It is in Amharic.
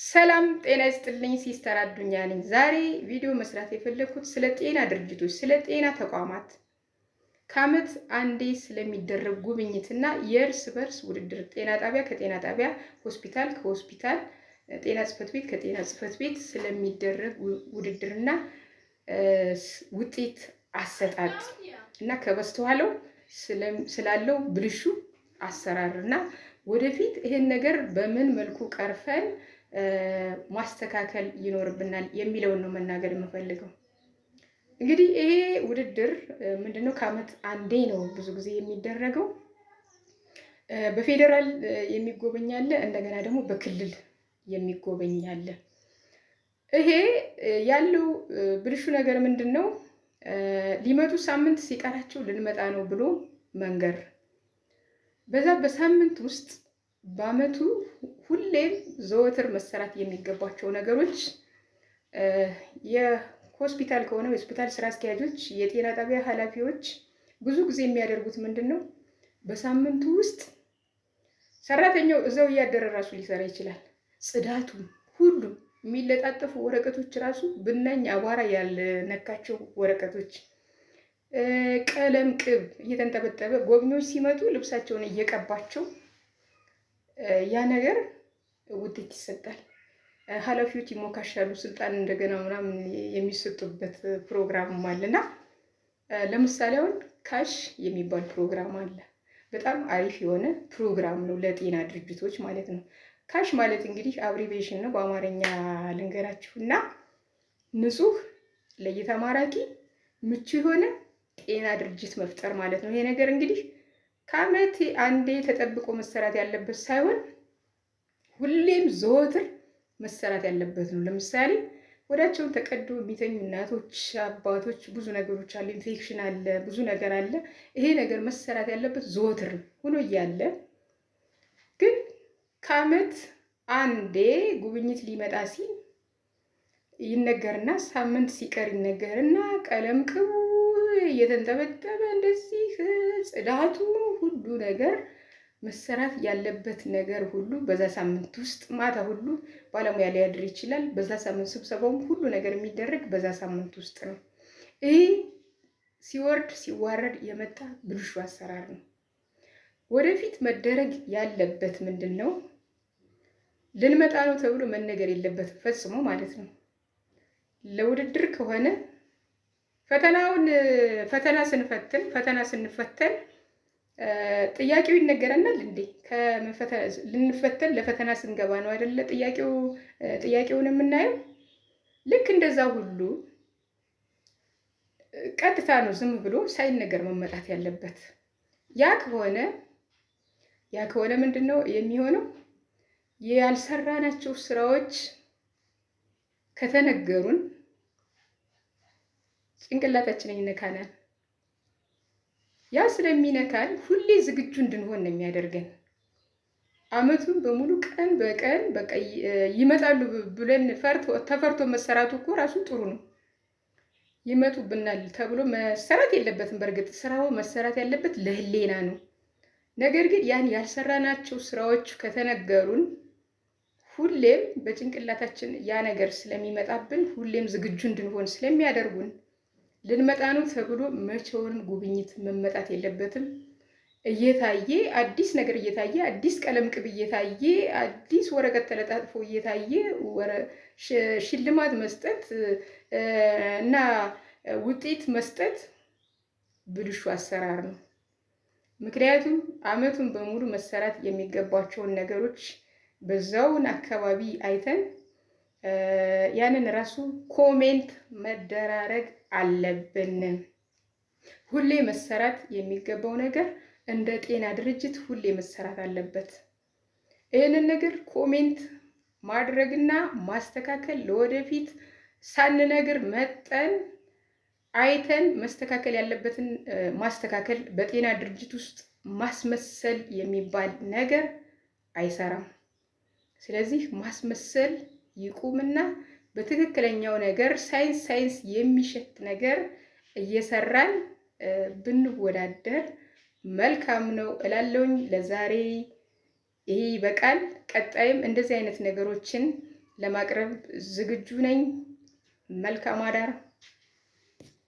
ሰላም ጤና ይስጥልኝ። ሲስተር አዱኛ ነኝ። ዛሬ ቪዲዮ መስራት የፈለግኩት ስለ ጤና ድርጅቶች፣ ስለ ጤና ተቋማት ከዓመት አንዴ ስለሚደረግ ጉብኝትና የእርስ በርስ ውድድር ጤና ጣቢያ ከጤና ጣቢያ፣ ሆስፒታል ከሆስፒታል፣ ጤና ጽሕፈት ቤት ከጤና ጽሕፈት ቤት ስለሚደረግ ውድድርና ውጤት አሰጣጥ እና ከበስተኋላው ስላለው ብልሹ አሰራርና ወደፊት ይህን ነገር በምን መልኩ ቀርፈን ማስተካከል ይኖርብናል የሚለውን ነው መናገር የምፈልገው። እንግዲህ ይሄ ውድድር ምንድነው ከዓመት አንዴ ነው ብዙ ጊዜ የሚደረገው። በፌዴራል የሚጎበኝ እንደገና ደግሞ በክልል የሚጎበኝ አለ። ይሄ ያለው ብልሹ ነገር ምንድን ነው? ሊመጡ ሳምንት ሲቀራቸው ልንመጣ ነው ብሎ መንገር በዛ በሳምንት ውስጥ በአመቱ ሁሌም ዘወትር መሰራት የሚገባቸው ነገሮች የሆስፒታል ከሆነ የሆስፒታል ስራ አስኪያጆች፣ የጤና ጣቢያ ኃላፊዎች ብዙ ጊዜ የሚያደርጉት ምንድን ነው? በሳምንቱ ውስጥ ሰራተኛው እዛው እያደረ ራሱ ሊሰራ ይችላል። ጽዳቱ ሁሉም የሚለጣጠፉ ወረቀቶች ራሱ ብናኝ አቧራ ያልነካቸው ወረቀቶች፣ ቀለም፣ ቅብ እየተንጠበጠበ ጎብኚዎች ሲመጡ ልብሳቸውን እየቀባቸው ያ ነገር ውጤት ይሰጣል። ኃላፊዎች ይሞካሻሉ፣ ስልጣን እንደገና ምናምን የሚሰጡበት ፕሮግራም አለና ለምሳሌ አሁን ካሽ የሚባል ፕሮግራም አለ። በጣም አሪፍ የሆነ ፕሮግራም ነው ለጤና ድርጅቶች ማለት ነው። ካሽ ማለት እንግዲህ አብሪቬሽን ነው በአማርኛ ልንገራችሁ እና ንጹህ፣ ለእይታ ማራኪ፣ ምቹ የሆነ ጤና ድርጅት መፍጠር ማለት ነው። ይሄ ነገር እንግዲህ ከአመት አንዴ ተጠብቆ መሰራት ያለበት ሳይሆን ሁሌም ዘወትር መሰራት ያለበት ነው። ለምሳሌ ወዳቸውን ተቀዶ የሚተኙ እናቶች፣ አባቶች ብዙ ነገሮች አለ፣ ኢንፌክሽን አለ፣ ብዙ ነገር አለ። ይሄ ነገር መሰራት ያለበት ዘወትር ሆኖ እያለ ግን ከአመት አንዴ ጉብኝት ሊመጣ ሲል ይነገርና ሳምንት ሲቀር ይነገርና ቀለም ቅቡ እየተንጠበጠበ እንደዚህ ጽዳቱ ነገር መሰራት ያለበት ነገር ሁሉ በዛ ሳምንት ውስጥ ማታ ሁሉ ባለሙያ ሊያድር ይችላል። በዛ ሳምንት ስብሰባውም ሁሉ ነገር የሚደረግ በዛ ሳምንት ውስጥ ነው። ይህ ሲወርድ ሲዋረድ የመጣ ብልሹ አሰራር ነው። ወደፊት መደረግ ያለበት ምንድን ነው? ልንመጣ ነው ተብሎ መነገር የለበትም ፈጽሞ ማለት ነው። ለውድድር ከሆነ ፈተናውን ፈተና ስንፈትን ፈተና ስንፈተን ጥያቄው ይነገረናል እንዴ? ልንፈተን ለፈተና ስንገባ ነው አይደለ? ጥያቄው ጥያቄውን የምናየው ልክ እንደዛ ሁሉ ቀጥታ ነው ዝም ብሎ ሳይነገር መመጣት ያለበት። ያ ከሆነ ያ ከሆነ ምንድን ነው የሚሆነው? ያልሰራናቸው ስራዎች ከተነገሩን ጭንቅላታችንን ይነካናል። ያ ስለሚነካን ሁሌ ዝግጁ እንድንሆን ነው የሚያደርገን። አመቱን በሙሉ ቀን በቀን በቃ ይመጣሉ ብለን ተፈርቶ መሰራቱ እኮ ራሱ ጥሩ ነው። ይመጡብናል ተብሎ መሰራት የለበትም። በእርግጥ ስራው መሰራት ያለበት ለህሌና ነው። ነገር ግን ያን ያልሰራናቸው ስራዎች ከተነገሩን ሁሌም በጭንቅላታችን ያ ነገር ስለሚመጣብን ሁሌም ዝግጁ እንድንሆን ስለሚያደርጉን ልንመጣ ነው ተብሎ መቼውንም ጉብኝት መመጣት የለበትም። እየታየ አዲስ ነገር እየታየ አዲስ ቀለም ቅብ እየታየ አዲስ ወረቀት ተለጣጥፎ እየታየ ሽልማት መስጠት እና ውጤት መስጠት ብልሹ አሰራር ነው። ምክንያቱም አመቱን በሙሉ መሰራት የሚገባቸውን ነገሮች በዛውን አካባቢ አይተን ያንን ራሱ ኮሜንት መደራረግ አለብን። ሁሌ መሰራት የሚገባው ነገር እንደ ጤና ድርጅት ሁሌ መሰራት አለበት። ይህንን ነገር ኮሜንት ማድረግና ማስተካከል ለወደፊት ሳንነግር መጠን አይተን መስተካከል ያለበትን ማስተካከል። በጤና ድርጅት ውስጥ ማስመሰል የሚባል ነገር አይሰራም። ስለዚህ ማስመሰል ይቁምና በትክክለኛው ነገር ሳይንስ ሳይንስ የሚሸት ነገር እየሰራን ብንወዳደር መልካም ነው እላለውኝ። ለዛሬ ይሄ ይበቃል። ቀጣይም እንደዚህ አይነት ነገሮችን ለማቅረብ ዝግጁ ነኝ። መልካም አዳር